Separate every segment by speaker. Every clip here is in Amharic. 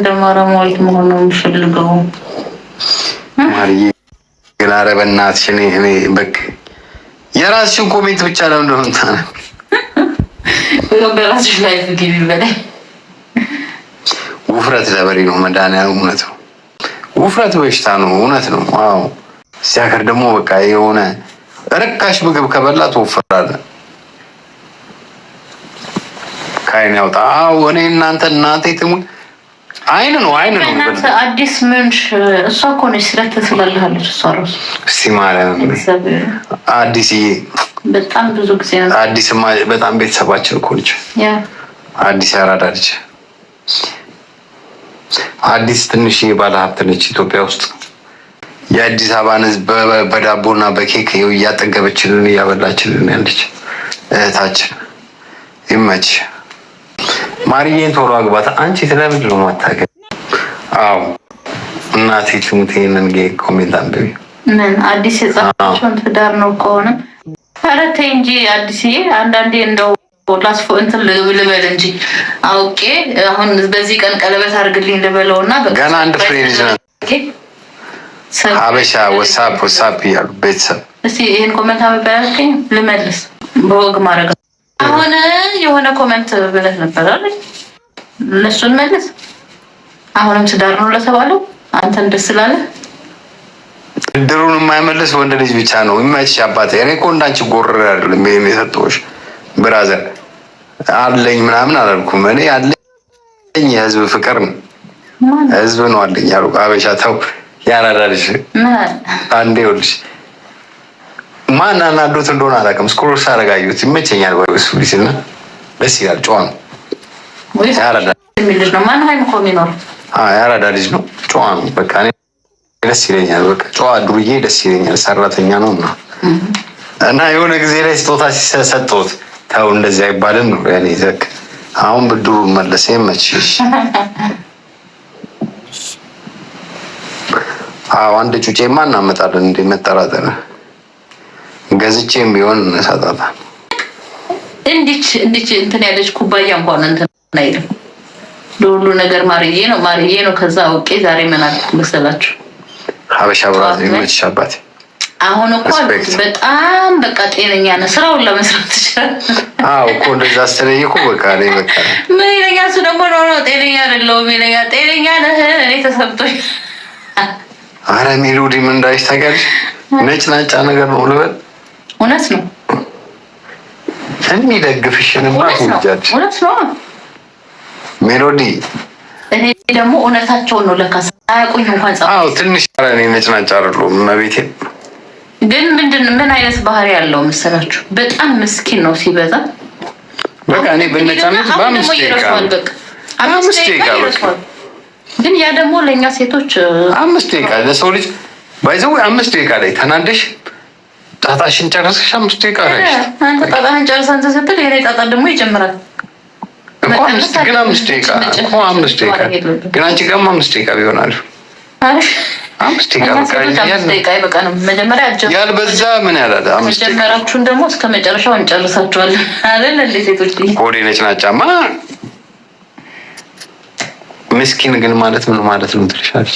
Speaker 1: እንደ ማረማዊት መሆን ነው የሚፈልገው።
Speaker 2: ግን ኧረ በእናትሽ እኔ በቃ የራስሽን ኮሜንት ብቻ ለምንድነው የምታነብ?
Speaker 1: በራስሽ ላይ ግቢ በላይ
Speaker 2: ውፍረት ለበሬ ነው መድኃኒዓለም። እውነት ነው ውፍረት በሽታ ነው። እውነት ነው። አዎ ሲያከር ደግሞ በቃ የሆነ ርካሽ ምግብ ከበላ ትወፍራለህ። ከአይን ያውጣ። አዎ እኔ እናንተ እናቴ ትሙት አይን ነው አይን ነው።
Speaker 1: አዲስ ምንሽ እሷ እኮ ነች ስለተስላልሃለች። እሷ ራሱ
Speaker 2: እስቲ ማለት አዲስ
Speaker 1: በጣም ብዙ ጊዜ
Speaker 2: አዲስ በጣም ቤተሰባችን እኮ ልጅ አዲስ ያራዳ ልጅ አዲስ ትንሽ ባለ ሀብት ነች ኢትዮጵያ ውስጥ የአዲስ አበባን ሕዝብ በዳቦና በኬክ እያጠገበችልን እያበላችልን ያለች እህታችን ይመች ማርዬን ቶሎ አግባት። አንቺ ስለምንድን ነው የማታገኝ? አዎ እናቴ ትሙት። ይሄንን ጌ ኮሜንት አንብቢ።
Speaker 1: ምን አዲስ የጻፈችውን ትዳር ነው ከሆነም ኧረ ተይ እንጂ አዲስዬ። አንዳንዴ እንደው ላስፎ እንትን ልበል እንጂ አውቄ አሁን በዚህ ቀን ቀለበት አድርግልኝ ልበለው እና
Speaker 2: ገና አንድ ፍሬ አበሻ ወሳፕ ወሳፕ እያሉ ቤተሰብ
Speaker 1: እስኪ ይህን ኮሜንት አንብቢ። ልመልስ በወግ ማድረግ አሁን የሆነ ኮመንት ብለህ ነበር አይደል? እነሱን መለስ። አሁንም ትዳር ነው ለተባለው አንተ ደስ ስላለ
Speaker 2: ድሩን የማይመልስ ወንድ ልጅ ብቻ ነው የማይሽ አባት። እኔ እኮ እንዳንቺ ጎረር አይደለም የሰጠሁሽ ብራዘር። አለኝ ምናምን አላልኩም። እኔ አለኝ የህዝብ ፍቅር ነው ህዝብ ነው አለኝ ያሉ አበሻ። ተው ያራዳልሽ አንዴ ይኸውልሽ ማን አናዶት እንደሆነ አላውቅም። ስክሮል ሳረጋዩት ይመቸኛል። በሱ ሊስ ና ደስ ይላል። ጨዋ ነው፣
Speaker 1: የአራዳ ልጅ ነው፣ ማን
Speaker 2: ጨዋ ነው። በቃ ደስ ይለኛል። በቃ ጨዋ ዱርዬ ደስ ይለኛል። ሰራተኛ ነው እና እና የሆነ ጊዜ ላይ ስጦታ ሲሰጠሁት ተው እንደዚህ አይባልም ነው ያኔ ዘክ አሁን ብድሩ መለሰ መችሽ አንድ ጩጬማ እናመጣለን እንደ መጠራጠር ገዝቼም ቢሆን እሰጣታል።
Speaker 1: እንዲች እንዲች እንትን ያለች ኩባያ እንኳን እንትን አይልም። ለሁሉ ነገር ማርዬ ነው ማርዬ ነው። ከዛ አውቄ ዛሬ ምን መሰላችሁ
Speaker 2: ሀበሻ ብራት ይመችሻባት።
Speaker 1: አሁን እኮ በጣም በቃ ጤነኛ ነው፣ ስራውን ለመስራት ትችላል።
Speaker 2: አዎ እኮ እንደዛ ስትለኝ እኮ በቃ እኔ በቃ
Speaker 1: ምን ይለኛ እሱ ደግሞ ነው ነው ጤነኛ አይደለሁም ይለኛል። ጤነኛ ነህ እኔ ተሰምቶኝ።
Speaker 2: አረ ሚሉዲ ምን እንዳይሽ ታውቂያለሽ? ነጭ ናጫ ነገር ነው ልበል እውነት ነው። የሚደግፍሽንማ
Speaker 1: ትውልጃለሽ። እውነት ነው የሚደግፍሽንማ እውነት ነው ሜሎዲ እኔ ደግሞ እውነታቸውን ነው ለካ ሳያውቁኝ እንኳን
Speaker 2: ትንሽ እኔ አይደለሁም
Speaker 1: ግን ምንድን ምን አይነት ባህሪ ያለው መሰላችሁ? በጣም ምስኪን ነው ሲበዛ።
Speaker 2: በቃ እኔ በነጫነት
Speaker 1: በአምስት ግን ያ ደግሞ ለእኛ ሴቶች
Speaker 2: አምስት ደቂቃ ለሰው ልጅ ባይዘው አምስት ደቂቃ ላይ ተናደሽ ጣጣሽን ጨርሰሽ አምስት
Speaker 1: ይቀረሽ። አንተ ጣጣህን ጨርሰ አንተ ስትል የኔ ጣጣ ደግሞ ይጨምራል።
Speaker 2: ግን አምስት ደቂቃ አምስት ግን አንቺ ጋርም አምስት ደቂቃ ቢሆናል አምስት ደቂቃ ያልበዛ ምን ያላለ መጀመራችሁን
Speaker 1: ደግሞ እስከ መጨረሻው እንጨርሳችኋለን አይደል? እንደ ሴቶች
Speaker 2: ነጭ ናጫማ ምስኪን ግን ማለት ምን ማለት ነው ትልሻለች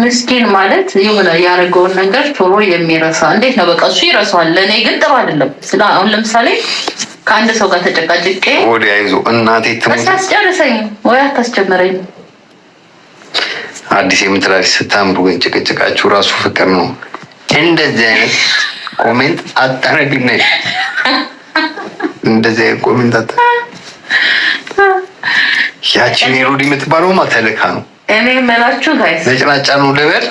Speaker 1: ምስኪን ማለት የሆነ ያደረገውን ነገር ቶሎ የሚረሳ እንዴት ነው? በቃ እሱ ይረሳዋል። ለእኔ ግን ጥሩ አይደለም። አሁን ለምሳሌ ከአንድ ሰው ጋር ተጨቃጭቄ
Speaker 2: ወዲያይዞ እናቴ
Speaker 1: አስጨርሰኝ ወይ አታስጀመረኝ።
Speaker 2: አዲስ የምትላል ስታምሩ ግን ጭቅጭቃችሁ ራሱ ፍቅር ነው። እንደዚህ አይነት ኮሜንት አታረግነ እንደዚህ አይነት ኮሜንት አታ ያቺን ሄሮድ የምትባለው ማተልካ ነው
Speaker 1: እኔ የምላችሁ ጋይስ
Speaker 2: ነጭናጫ ነው ልበል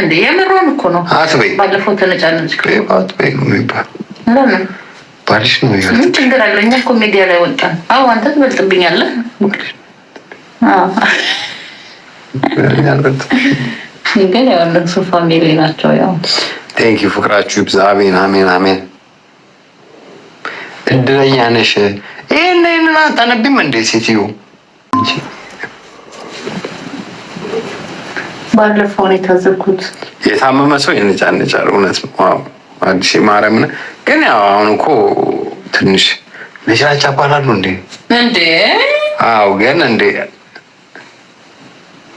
Speaker 1: እንዴ? የምሮን እኮ ነው። አትበይ። ባለፈው ተነጫነጭ
Speaker 2: አትበይ ነው የሚባል ለምን ባልሽ ነው
Speaker 1: ይላል። ምን ችግር አለው? እኛ እኮ ሚዲያ ላይ ወጣን። አዎ አንተ ትበልጥብኛለህ። ግን ያው እነሱ ፋሚሊ ናቸው። ያው
Speaker 2: ቴንክ ዩ ፍቅራችሁ ይብዛ። አሜን አሜን አሜን። እድለኛ ነሽ። ይህን ይህንን አታነቢም እንዴ ሴትዮ?
Speaker 1: ባለፈው ነው የታዘብኩት።
Speaker 2: የታመመ ሰው ይነጫነጫል። እውነት ነው። አዲስ ማርያምን ግን ያው አሁን እኮ ትንሽ ነጭናጫ ባላሉ እንዴ እንዴ! አዎ፣ ግን እንዴ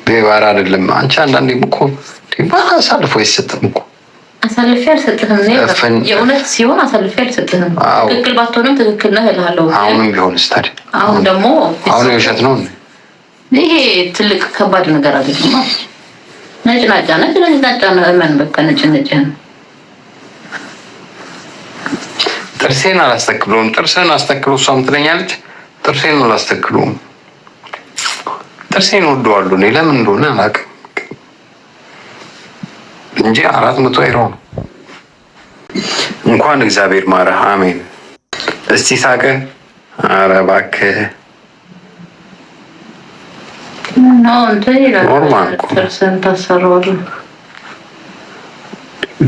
Speaker 2: ቤባር አይደለም። አንቺ አንዳንዴ እኮ ባል አሳልፎ አይሰጥም እኮ
Speaker 1: አሳልፌ አልሰጥህም። የእውነት ሲሆን አሳልፌ አልሰጥህም። ትክክል ባትሆንም ትክክል ነህ እልሃለሁ።
Speaker 2: አሁንም ቢሆን ታዲያ? አሁን ደግሞ አሁን የውሸት ነው።
Speaker 1: ይሄ ትልቅ ከባድ ነገር አለ። ነጭ ነጭ ነጭ ነው። እመን በቃ ነጭ ነው።
Speaker 2: ጥርሴን አላስተክለውም። ጥርሴን አስተክሎ እሷ ምትለኛለች። ጥርሴን አላስተክለውም። ጥርሴን ወደዋሉ እኔ ለምን እንደሆነ አላውቅም እንጂ አራት መቶ አይሮ ነው። እንኳን እግዚአብሔር ማረህ። አሜን። እስቲ ሳቀ። ኧረ እባክህ
Speaker 1: ኖርማል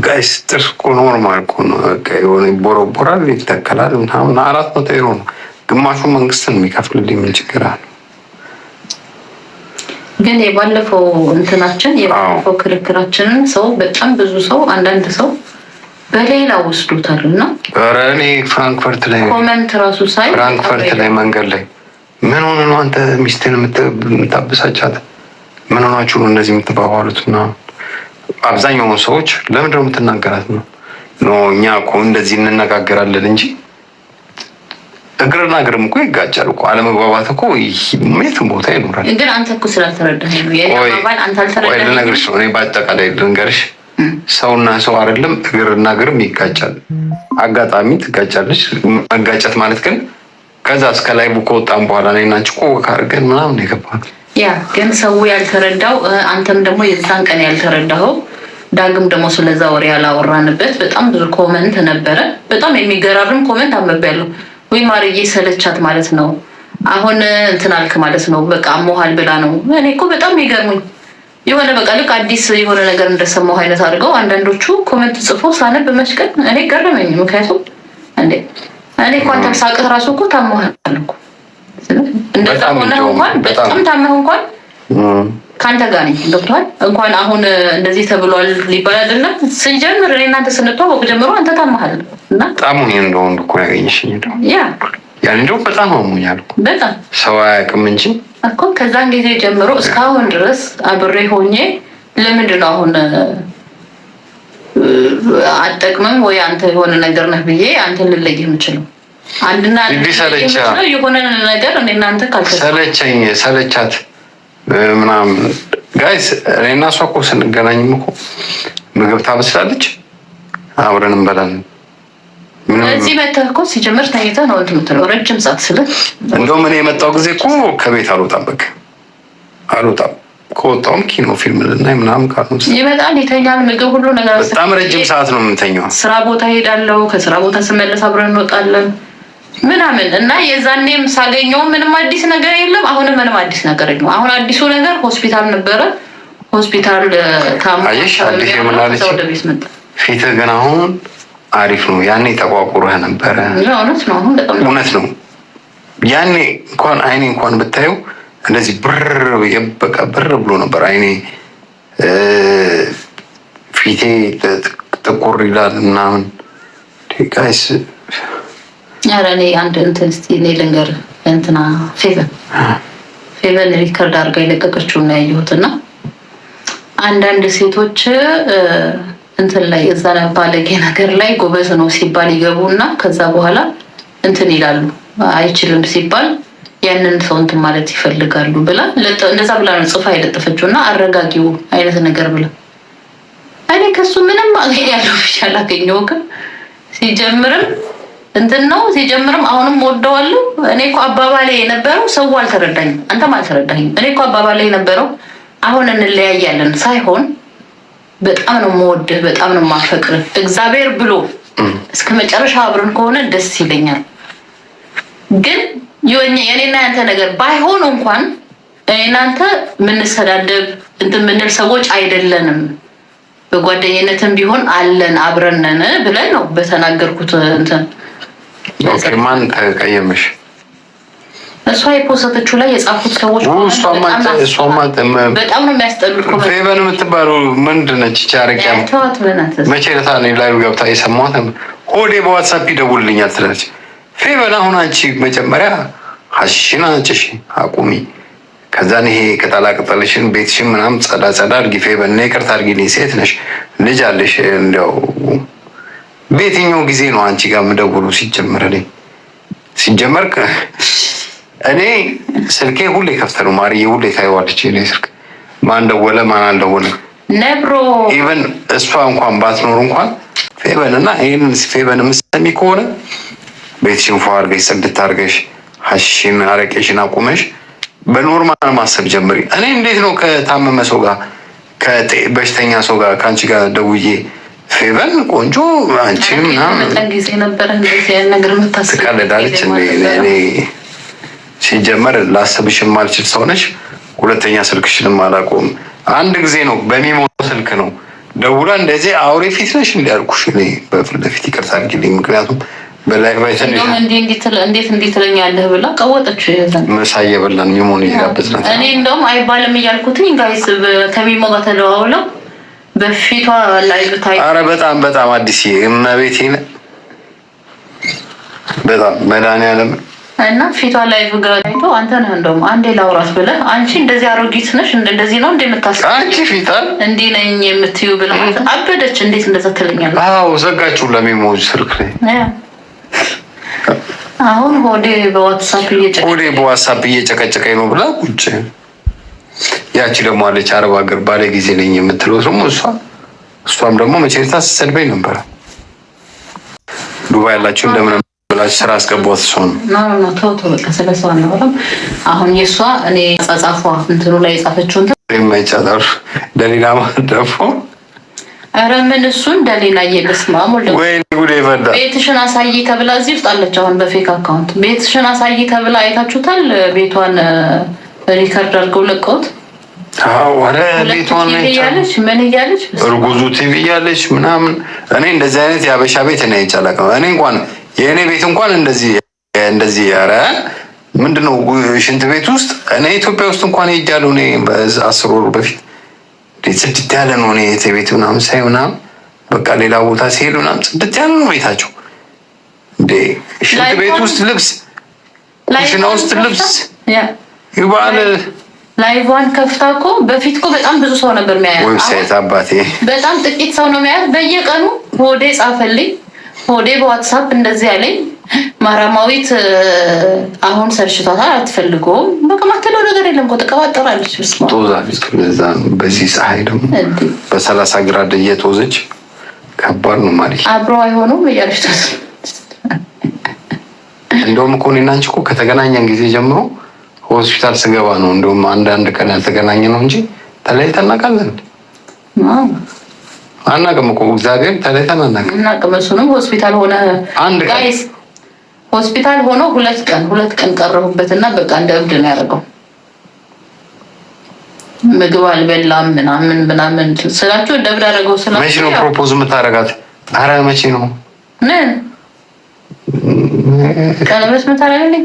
Speaker 2: ጋይስ ጥርስ እኮ ኖርማል እኮ ነው። የሆነ ይቦረቦራል፣ ይተከላል ምናምን አራት መቶ ዩሮ ነው ግማሹ መንግስት ነው የሚከፍልልኝ። ምን ችግር አለ?
Speaker 1: ግን የባለፈው እንትናችን የባለፈው ክርክራችንን ሰው በጣም ብዙ ሰው አንዳንድ ሰው በሌላ ወስዶታል እና
Speaker 2: እኔ ፍራንክፈርት ላይ
Speaker 1: ኮመንት ራሱ ሳይ
Speaker 2: ፍራንክፈርት ላይ መንገድ ላይ ምን ሆነ ነው አንተ ሚስትን የምታበሳጫት? ምን ሆናችሁ ነው እንደዚህ የምትባባሉት? ና አብዛኛውን ሰዎች ለምንድን ነው የምትናገራት ነው ኖ እኛ እኮ እንደዚህ እንነጋገራለን እንጂ እግርና እግርም እኮ ይጋጫል እኮ አለመግባባት እኮ የትም ቦታ ይኖራል።
Speaker 1: ግን አንተ እኮ ስላልተረዳህ
Speaker 2: ልነግርሽ ነው። እኔ በአጠቃላይ ልንገርሽ፣ ሰውና ሰው አይደለም እግርና እግርም ይጋጫል። አጋጣሚ ትጋጫለች። መጋጨት ማለት ግን ከዛ እስከ ላይ ከወጣም በኋላ ላይ ናቸው እኮ አድርገን ምናምን የገባነው።
Speaker 1: ያ ግን ሰው ያልተረዳው አንተም ደግሞ የዛን ቀን ያልተረዳኸው ዳግም ደግሞ ስለዛ ወሬ ያላወራንበት በጣም ብዙ ኮመንት ነበረ። በጣም የሚገራርም ኮመንት አንብቤያለሁ። ወይ ማርዬ ሰለቻት ማለት ነው አሁን እንትን አልክ ማለት ነው። በቃ አሞሃል ብላ ነው። እኔ እኮ በጣም የሚገርሙኝ የሆነ በቃ ልክ አዲስ የሆነ ነገር እንደሰማሁ አይነት አድርገው አንዳንዶቹ ኮመንት ጽፎ ሳነብ መስቀል እኔ ገረመኝ። ምክንያቱም እንዴ እኔ እኮ አንተም ሳቅህ ራሱ እኮ ታመህ አልኩ። በጣም ታመህ እንኳን ከአንተ ጋር ነኝ። ገብቶሃል? እንኳን አሁን እንደዚህ ተብሏል ሊባል አይደለም። ስንጀምር እኔ እናንተ ስንተዋወቅ ጀምሮ አንተ ታመሃል
Speaker 2: እና ጣሙ እንደወንድ እኮ ያገኘሽኝ ያን እንደው በጣም አሞኛል እኮ በጣም ሰው አያውቅም እንጂ
Speaker 1: እኮ ከዛን ጊዜ ጀምሮ እስካሁን ድረስ አብሬ ሆኜ ለምንድን ነው አሁን አጠቅምም ወይ አንተ የሆነ ነገር ነህ ብዬ አንተ ልለይ የምችለው አንድና የሆነ ነገር እናንተ
Speaker 2: ሰለቸኝ ሰለቻት ምናምን ጋይስ እኔና እሷ እኮ ስንገናኝም እኮ ምግብ ታበስላለች፣ አብረን እንበላለን።
Speaker 1: እዚህ መተህ እኮ ሲጀምር ተኝተህ ነው እንትን የምትለው ረጅም ሰዓት ስለ
Speaker 2: እንደውም እኔ የመጣው ጊዜ እኮ ከቤት አልወጣም፣ በቃ አልወጣም ከወጣውም ኪኖ ፊልም ልናይ ምናምን ካልሆነ
Speaker 1: ይመጣል፣ ይተኛል፣ ምግብ ሁሉ ነገር።
Speaker 2: በጣም ረጅም ሰዓት ነው የምንተኘው።
Speaker 1: ስራ ቦታ ሄዳለው፣ ከስራ ቦታ ስመለስ አብረን እንወጣለን ምናምን እና የዛኔም ሳገኘው ምንም አዲስ ነገር የለም። አሁንም ምንም አዲስ ነገር የለም። አሁን አዲሱ ነገር ሆስፒታል ነበረ። ሆስፒታል
Speaker 2: ታሞ ወደ ቤት መጣ። ግን አሁን አሪፍ ነው። ያኔ ተቋቁረህ ነበረ። እውነት ነው፣ እውነት ነው። ያኔ እንኳን አይኔ እንኳን ብታየው እንደዚህ ብር የበቃ ብር ብሎ ነበር። አይኔ ፊቴ ጥቁር ይላል ምናምን ቃይስ
Speaker 1: ኧረ እኔ አንድ እንትን እስኪ እኔ ልንገር እንትና ፌቨን ፌቨን ሪከርድ አድርጋ የለቀቀችው ነው ያየሁት። እና አንዳንድ ሴቶች እንትን ላይ እዛ ባለጌ ነገር ላይ ጎበዝ ነው ሲባል ይገቡ እና ከዛ በኋላ እንትን ይላሉ አይችልም ሲባል ያንን ሰው እንትን ማለት ይፈልጋሉ ብላ እንደዛ ብላ ነው ጽፋ የለጠፈችው እና አረጋጊው አይነት ነገር ብላ እኔ ከሱ ምንም አገኝ ያለው ብቻ አላገኘው ግን ሲጀምርም እንትን ነው ሲጀምርም አሁንም ወደዋለሁ። እኔ እኮ አባባሌ የነበረው ሰው አልተረዳኝም፣ አንተም አልተረዳኝም። እኔ እኮ አባባሌ የነበረው አሁን እንለያያለን ሳይሆን በጣም ነው የምወድህ፣ በጣም ነው የማፈቅርህ እግዚአብሔር ብሎ እስከ መጨረሻ አብረን ከሆነ ደስ ይለኛል። ግን የኔና ያንተ ነገር ባይሆኑ እንኳን እናንተ የምንሰዳደብ እንትን የምንል ሰዎች አይደለንም። በጓደኝነትም ቢሆን አለን አብረነን ብለን ነው በተናገርኩት እንትን
Speaker 2: ማን ቀየምሽ?
Speaker 1: እሷ የፖሰተችው ላይ የጻፉት ሰዎች በጣም ነው የሚያስጠሉት።
Speaker 2: ፌቨን የምትባሉ ምንድነች? ቻረቂያ መቼ ለታ ላይ ገብታ የሰማት ሆዴ በዋትሳፕ ይደውልልኛል ትላለች ፌቨን አሁን አንቺ መጀመሪያ ሀሽን አንጭሽ አቁሚ። ከዛን ይሄ ቅጠላ ቅጠልሽን ቤትሽን ምናምን ጸዳ ጸዳ አድርጊ። ፌቨን እና ይቅርታ አድርጊልኝ፣ ሴት ነሽ፣ ልጅ አለሽ። እንዲያው በየትኛው ጊዜ ነው አንቺ ጋር የምደውሉ? ሲጀመር እኔ ሲጀመር እኔ ስልኬ ሁሌ ከፍተ ነው ማርዬ፣ ሁሌ ታይዋለች እኔ ስልክ ማን ደወለ ማን አልደወለ ነብሮ ኢቨን እሷ እንኳን ባትኖር እንኳን ፌበን እና ይህንን ፌበን የምትሰሚ ከሆነ ቤትሽን ፏ አድርገሽ ጽድት አድርገሽ ሀሽን አረቄሽን አቁመሽ በኖርማል ማሰብ ጀምሪ። እኔ እንዴት ነው ከታመመ ሰው ጋር በሽተኛ ሰው ጋር ከአንቺ ጋር ደውዬ ፌቨን ቆንጆ አንቺ ትቀልዳለች። ሲጀመር ላስብሽ የማልችል ሰው ነች። ሁለተኛ ስልክሽንም አላቆም። አንድ ጊዜ ነው በሚሞ ስልክ ነው ደውላ እንደዚህ አውሬ ፊት ነሽ እንዲያልኩሽ እኔ በፊት ለፊት ይቅርታ አድርጊልኝ ምክንያቱም
Speaker 1: በላይ ባይተን እንዴት እንዴት ትለኛለህ ብላ ቀወጠች።
Speaker 2: ምሳ እየበላን ሚሞን እየጋበዝን
Speaker 1: እኔ እንደውም አይባልም እያልኩትኝ ጋይስ ከሚሞ ጋር ተደዋውለው በፊቷ ላይ ብታይ፣
Speaker 2: አረ በጣም በጣም አዲስ እመቤቴ በጣም መድኃኒዓለም
Speaker 1: እና ፊቷ ላይ ብጋይቶ አንተ ነህ እንደውም አንዴ ላውራት ብለህ አንቺ እንደዚህ አሮጊት ነሽ እንደዚህ ነው እንደ
Speaker 2: አንቺ ፊታል
Speaker 1: እንዲህ ነኝ የምትዩ ብለህ አበደች። እንዴት እንደዛ ትለኛለህ?
Speaker 2: አዎ ዘጋችሁ ለሚሞጅ ስልክ ላይ አሁን ሆዴ በዋትሳፕ እየጨቀጨቀ ነው ብላ ቁጭ ያቺ ደግሞ አለች አረብ ሀገር ባለ ጊዜ ነኝ የምትለው ደግሞ እሷ እሷም ደግሞ መቼታ ስትሰድበኝ ነበረ። ዱባይ ያላችሁ እንደምን ብላችሁ ስራ አስገባት። ሰው
Speaker 1: ነው ተው ተው፣ በቃ ስለ ሰው አናወራም። አሁን የእሷ እኔ ጻጻፏ እንትኑ ላይ የጻፈችውን
Speaker 2: ለሌላ ማለት ማዳፎ
Speaker 1: ኧረ ምን እሱ እንደሌላ እየልስማ ቤትሽን አሳይ ተብላ እዚህ ውስጥ አለች። አሁን በፌክ አካውንት ቤትሽን አሳይ ተብላ አይታችሁታል። ቤቷን ሪከርድ አድርገው ለቀውት ቤቷን እያለች ምን እያለች
Speaker 2: እርጉዙ ቲቪ እያለች ምናምን። እኔ እንደዚህ አይነት የአበሻ ቤት እኔ አይቻላቅም። እኔ እንኳን የእኔ ቤት እንኳን እንደዚህ እንደዚህ ኧረ ምንድነው ሽንት ቤት ውስጥ እኔ ኢትዮጵያ ውስጥ እንኳን ሄጃለሁ። እኔ አስር ወሩ በፊት ጽድት ያለ ነው። እኔ እህቴ ቤት ምናምን ሳይ ምናምን በቃ ሌላ ቦታ ሲሄዱ ምናምን ጽድት ያለ ነው ቤታቸው። እንዴ ሽንት ቤት ውስጥ ልብስ፣ ሽና ውስጥ ልብስ
Speaker 1: ይባል ላይቫን ከፍታ እኮ በፊት እኮ በጣም ብዙ ሰው ነበር የሚያያት።
Speaker 2: ዌብሳይት አባቴ
Speaker 1: በጣም ጥቂት ሰው ነው የሚያያት። በየቀኑ ሆዴ ጻፈልኝ፣ ሆዴ በዋትሳፕ እንደዚህ ያለኝ ማራማዊት አሁን ሰርሽቷታል፣ አትፈልገውም። በቃ ማትለው ነገር የለም እኮ ተቀባጠራለች።
Speaker 2: ዛ በዚህ ፀሐይ ደግሞ በሰላሳ ግራድ እየተወዘች ከባድ ነው ማለት
Speaker 1: አብሮ አይሆኑም እያለች
Speaker 2: እንደውም እኮ እኔና አንቺ እኮ ከተገናኘን ጊዜ ጀምሮ ሆስፒታል ስገባ ነው እንደውም አንዳንድ ቀን ያልተገናኘ ነው እንጂ ተለያይተን እናውቃለን አናውቅም እኮ እግዚአብሔር ተለያይተን አናውቅም።
Speaker 1: እናውቅም እሱንም ሆስፒታል ሆነ አንድ ቀን ሆስፒታል ሆኖ ሁለት ቀን ሁለት ቀን ቀረሁበት እና በቃ እንደ እብድ ነው ያደርገው። ምግብ አልበላም ምናምን ምናምን ስላችሁ እንደ እብድ አደረገው።
Speaker 2: ስላ መቼ ነው ፕሮፖዝ የምታደርጋት? አረ መቼ ነው
Speaker 1: ቀለበት ምታደርግልኝ?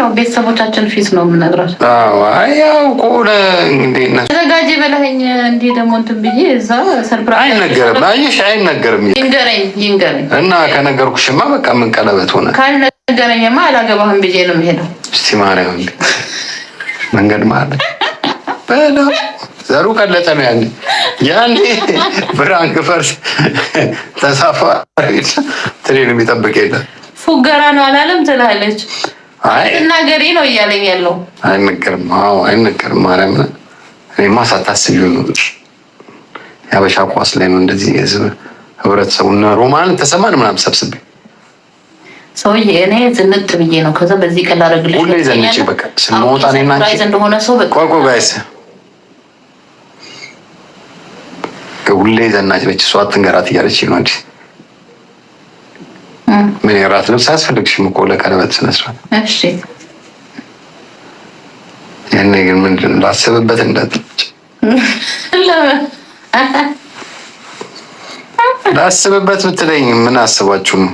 Speaker 1: ነው ቤተሰቦቻችን ፊት ነው የምነግራቸው።
Speaker 2: ያው ቆለ
Speaker 1: ተዘጋጅ በላኝ እንዲህ ደግሞ እንትን ብዬ እዛ
Speaker 2: ሰርፕራይዝ አይነገርም። አየሽ አይነገርም።
Speaker 1: ይንገረኝ ይንገረኝ
Speaker 2: እና ከነገርኩሽማ በቃ ምን ቀለበት ሆነ።
Speaker 1: ካልነገረኝማ አላገባህም ብዬ ነው የምሄደው።
Speaker 2: እስቲ ማርያም መንገድ ማለ በላ ዘሩ ቀለጠ ነው ያኔ ያኔ ፍራንክፈርት ተሳፋ ትሬን የሚጠብቅ የለም።
Speaker 1: ፉገራ ነው አላለም ትላለች። ትናገሪ ነው እያለኝ ያለው
Speaker 2: አይነገርም። አይነገርም። ማርያም እኔማ ሳታስቢው ነው። የአበሻ ኳስ ላይ ነው እንደዚህ ህብረተሰቡና ሮማን ተሰማን ምናምን ሰብስቤ
Speaker 1: ሰውዬ እኔ ዝንጥ ብዬ ነው። ከዛ በዚህ ቀን ላደርግልሽ
Speaker 2: ሁሌ ዘንጭ በቃ ስንወጣ
Speaker 1: እኔና እንደሆነ ሰው በቃ
Speaker 2: ቆይ ቆይ ጋይስ ሁሌ ዘናጭ ነች እሷ አትንገራት እያለች ነው እንዲህ ምን የራት ልብስ አያስፈልግሽም እኮ ለቀለበት ስነ እሺ ያኔ ግን ምንድን ነው ላስብበት እንዳትልጭ ላስብበት ብትለኝ ምን አስባችሁ ነው?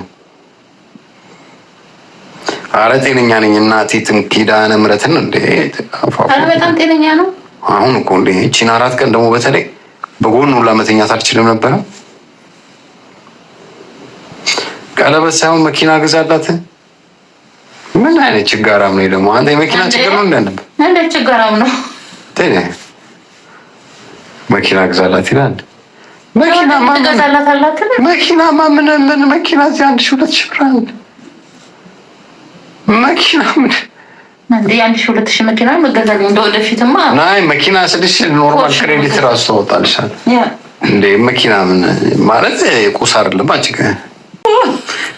Speaker 2: አረ ጤነኛ ነኝ እናቴ። ኪዳነ ምሕረትን እንደ
Speaker 1: በጣም ጤነኛ ነው።
Speaker 2: አሁን እኮ እንደ ይቺን አራት ቀን ደግሞ በተለይ በጎን ሁላ መተኛት አልችልም ነበረ ቀለበት ሳይሆን መኪና ገዛላት። ምን አይነት ችጋራም ነው ደግሞ አንተ። የመኪና ችግር ነው እንዳንብ
Speaker 1: እንደ ችጋራም ነው
Speaker 2: ቴኔ መኪና ገዛላት ይላል። መኪና ማ ምን ምን መኪና እዚህ አንድ ሺህ ሁለት ሺህ ብር አለ። መኪና ምን
Speaker 1: እንዲህ አንድ ሺህ ሁለት ሺህ መኪና መገዛት እንደ ወደፊትማ
Speaker 2: ናይ መኪና ስልሽ ኖርማል ክሬዲት ራሱ ተወጣልሻል እንዴ። መኪና ምን ማለት ቁስ አይደለም።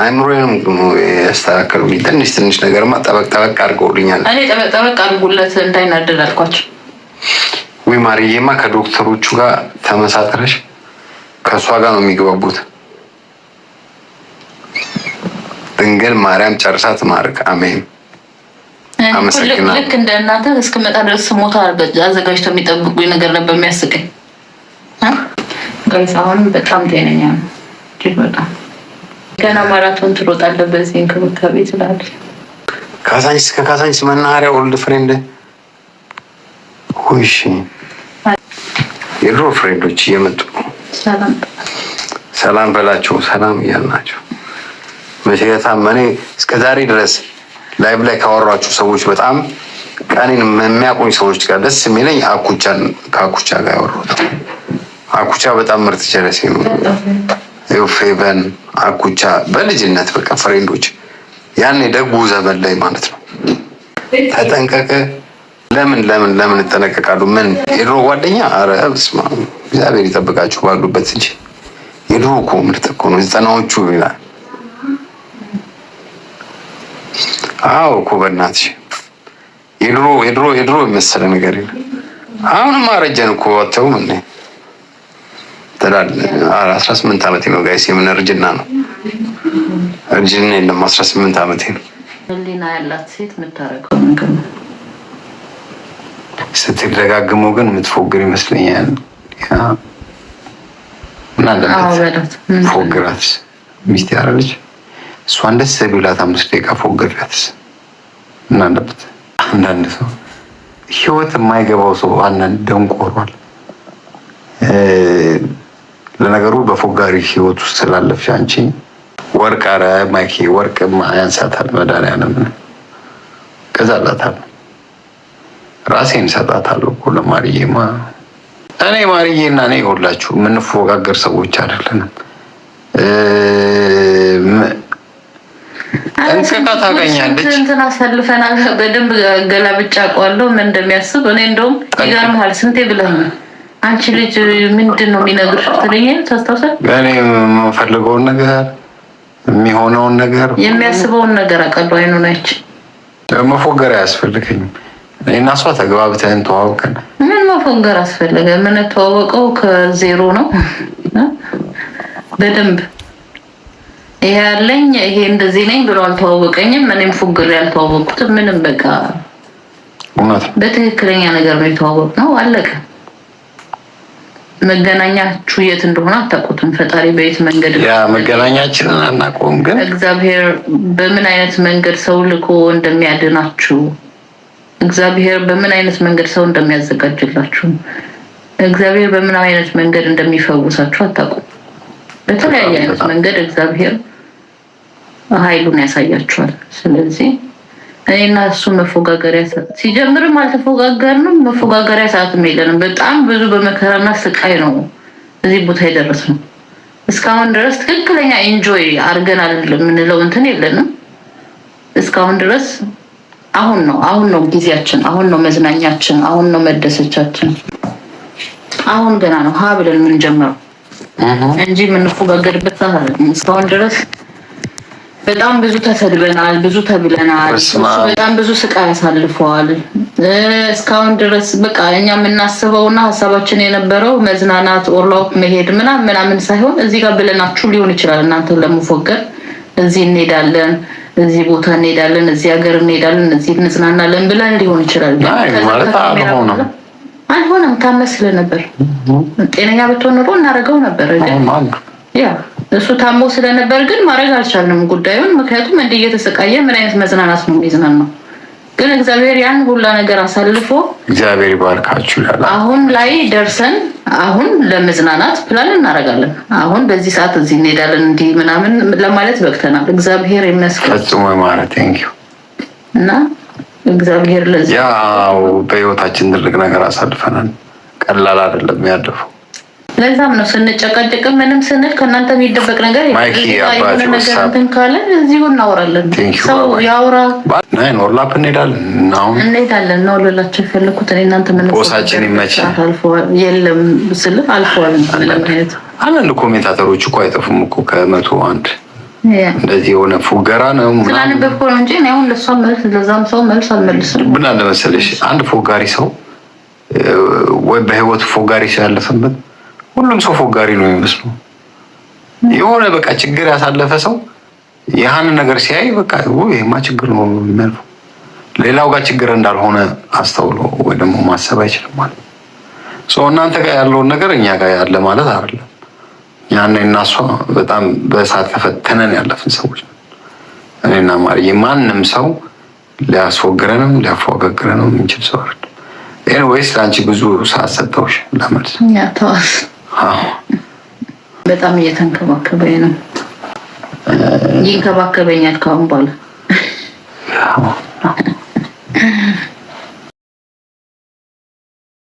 Speaker 2: አይምሮዬንም ያስተካከሉልኝ። ትንሽ ትንሽ ነገርማ ጠበቅ ጠበቅ አድርገውልኛል።
Speaker 1: እኔ ጠበቅ ጠበቅ አድርጉለት እንዳይናደድ አልኳቸው።
Speaker 2: ወይ ማርዬማ ከዶክተሮቹ ጋር ተመሳትረሽ ከእሷ ጋር ነው የሚግባቡት። ድንግል ማርያም ጨርሳ ትማርክ። አሜን።
Speaker 1: ልክ እንደ እናተ እስክመጣ ድረስ ስሞታ አዘጋጅተው የሚጠብቁ ነገር ነበር የሚያስቀኝ። ጋይስ አሁንም በጣም ጤነኛ ነው። እጅግ በጣም ገና ማራቶን ትሮጣለህ። በዚህ እንክብካቤ ስላለ
Speaker 2: ካሳንስ እስከ ካሳንስ መናኸሪያ ኦልድ ፍሬንድ ሁሽ የድሮ ፍሬንዶች እየመጡ ሰላም በላቸው። ሰላም እያልናቸው መቼታም እኔ እስከ ዛሬ ድረስ ላይቭ ላይ ካወሯቸው ሰዎች በጣም ቀኔን የሚያቆኝ ሰዎች ጋር ደስ የሚለኝ አኩቻን ከአኩቻ ጋር ያወሩት አኩቻ በጣም ምርጥ ቸረሴ ነው። ዮፌበን አኩቻ በልጅነት በቃ ፍሬንዶች ያኔ ደጉ ዘመን ላይ ማለት ነው። ተጠንቀቀ ለምን ለምን ለምን እጠነቀቃሉ? ምን የድሮ ጓደኛ አረ ስማ እግዚአብሔር ይጠብቃችሁ ባሉበት እንጂ የድሮ እኮ ምርጥ እኮ ነው። ዘጠናዎቹ ይላል። አዎ እኮ በእናትሽ የድሮ የድሮ የድሮ የመሰለ ነገር ይላል። አሁንም አረጀን እኮ ምን ትላል። አስራ ስምንት ዓመቴ ነው ጋይስ፣ የምን እርጅና ነው? እርጅና የለም፣ አስራ ስምንት ዓመቴ ነው።
Speaker 1: ህሊና ያላት ሴት የምታረገው ነገር
Speaker 2: ስትደጋግመው ግን የምትፎግር ይመስለኛል።
Speaker 1: ምን
Speaker 2: ፎግራትስ፣ ሚስት ያረልች እሷን ደስ ቢላት አምስት ደቂቃ ፎግራትስ፣ እናለበት። አንዳንድ ሰው ህይወት የማይገባው ሰው አንዳንድ ደንቆሯል። ለነገሩ በፎጋሪ ህይወት ውስጥ ስላለፍ አንቺ ወርቅ አረ ማይኬ ወርቅ ያንሳታል። መድኃኒዓለም ገዛላታል። ራሴን እሰጣታለሁ እኮ ማ እኔ እና እኔ ይኸውላችሁ የምንፎጋገር ሰዎች አይደለንም። እንቅቃ ታገኛለች።
Speaker 1: እንትን አሳልፈና በደንብ ገላብጫ አውቀዋለሁ ምን እንደሚያስብ እኔ እንደውም ይገርምሃል ስንቴ ብለህ ነው አንቺ ልጅ ምንድን ነው የሚነግርሽ? ብትለኝ
Speaker 2: ታስታውሳል። እኔ የምፈልገውን ነገር የሚሆነውን ነገር
Speaker 1: የሚያስበውን ነገር አቀሉ አይኑ ነች።
Speaker 2: መፎገር አያስፈልገኝም። እኔና እሷ ተግባብተን ተዋወቅን።
Speaker 1: ምን መፎገር አስፈለገ? የምንተዋወቀው ከዜሮ ነው። በደንብ ይሄ ያለኝ ይሄ እንደዚህ ነኝ ብሎ አልተዋወቀኝም። እኔም ፉግር ያልተዋወቁትም ምንም በቃ በትክክለኛ ነገር ነው የተዋወቅ ነው። አለቀ። መገናኛችሁ የት እንደሆነ አታውቁትም። ፈጣሪ በየት መንገድ
Speaker 2: መገናኛችንን አናውቀውም፣ ግን
Speaker 1: እግዚአብሔር በምን አይነት መንገድ ሰው ልኮ እንደሚያድናችሁ፣ እግዚአብሔር በምን አይነት መንገድ ሰው እንደሚያዘጋጅላችሁ፣ እግዚአብሔር በምን አይነት መንገድ እንደሚፈውሳችሁ አታውቁም። በተለያየ አይነት መንገድ እግዚአብሔር ኃይሉን ያሳያችኋል። ስለዚህ እኔና እሱ መፎጋገሪያ ሰዓት ሲጀምርም አልተፎጋገርንም። መፎጋገሪያ ሰዓትም የለንም። በጣም ብዙ በመከራና ስቃይ ነው እዚህ ቦታ የደረስነው። እስካሁን ድረስ ትክክለኛ ኢንጆይ አድርገናል የምንለው እንትን የለንም። እስካሁን ድረስ አሁን ነው አሁን ነው ጊዜያችን፣ አሁን ነው መዝናኛችን፣ አሁን ነው መደሰቻችን። አሁን ገና ነው ሀ ብለን የምንጀምረው እንጂ የምንፎጋገርበት እስካሁን ድረስ በጣም ብዙ ተሰድበናል፣ ብዙ ተብለናል። በጣም ብዙ ስቃይ አሳልፈዋል። እስካሁን ድረስ በቃ እኛ የምናስበው እና ሀሳባችን የነበረው መዝናናት፣ ኦርላውክ መሄድ ምናምን ምናምን ሳይሆን እዚህ ጋር ብለናችሁ ሊሆን ይችላል እናንተ ለመፎገር እዚህ እንሄዳለን፣ እዚህ ቦታ እንሄዳለን፣ እዚህ ሀገር እንሄዳለን፣ እዚህ እንጽናናለን ብለን ሊሆን ይችላል። አልሆነም። ታመስለ ነበር። ጤነኛ ብትሆን ኖሮ እናደርገው ነበር ያ እሱ ታሞ ስለነበር ግን ማድረግ አልቻልንም ጉዳዩን። ምክንያቱም እንዲ እየተሰቃየ ምን አይነት መዝናናት ነው ሚዝናን ነው? ግን እግዚአብሔር ያን ሁላ ነገር አሳልፎ
Speaker 2: እግዚአብሔር ይባርካችሁ።
Speaker 1: አሁን ላይ ደርሰን አሁን ለመዝናናት ፕላን እናደርጋለን። አሁን በዚህ ሰዓት እዚህ እንሄዳለን እንዲህ ምናምን ለማለት በቅተናል። እግዚአብሔር
Speaker 2: ይመስገን ፈጽሞ ማለት
Speaker 1: እና እግዚአብሔር ለዚህ
Speaker 2: ያው በህይወታችን ትልቅ ነገር አሳልፈናል። ቀላል አይደለም ያለፈው
Speaker 1: ለዛም ነው ስንጨቀጭቅ ምንም ስንል ከእናንተ የሚደበቅ ነገር ነገርትን ካለን እዚሁ እናወራለን። ሰው ያውራ
Speaker 2: ኖርላፕ እንሄዳለን
Speaker 1: አሁን እንሄዳለን ነው ልላቸው የፈለኩት። እናንተ ምን
Speaker 2: ቦሳችን ይመች
Speaker 1: የለም ስል አልፈዋል።
Speaker 2: አንዳንድ ኮሜንታተሮች እኮ አይጠፉም እኮ ከመቶ አንድ እንደዚህ የሆነ ፉገራ ነው
Speaker 1: ስላነበብኩ ነው እንጂ አሁን ለሷ መልስ ለዛም ሰው
Speaker 2: መልስ አልመልስም። ብና ለመሰለሽ አንድ ፎጋሪ ሰው ወይ በህይወቱ ፎጋሪ ሰው ያለፈበት ሁሉም ሰው ፎጋሪ ነው የሚመስለው። የሆነ በቃ ችግር ያሳለፈ ሰው ያህን ነገር ሲያይ በቃ ይሄማ ችግር ነው የሚያልፈው። ሌላው ጋር ችግር እንዳልሆነ አስተውሎ ወይ ደግሞ ማሰብ አይችልም ማለት ነው። እናንተ ጋር ያለውን ነገር እኛ ጋር ያለ ማለት አይደለም። ያኔ እና እሷ በጣም በእሳት ተፈተነን ያለፍን ሰዎች ነው። እኔና ማርዬ ማንም ሰው ሊያስወግረንም ሊያፎገግረንም የሚችል ሰው አይደለም። ኤንዌይስ ለአንቺ ብዙ ሰዓት ሰጠውሽ
Speaker 1: ለመልስ በጣም እየተንከባከበኝ ነው። ይንከባከበኛል ካሁን በኋላ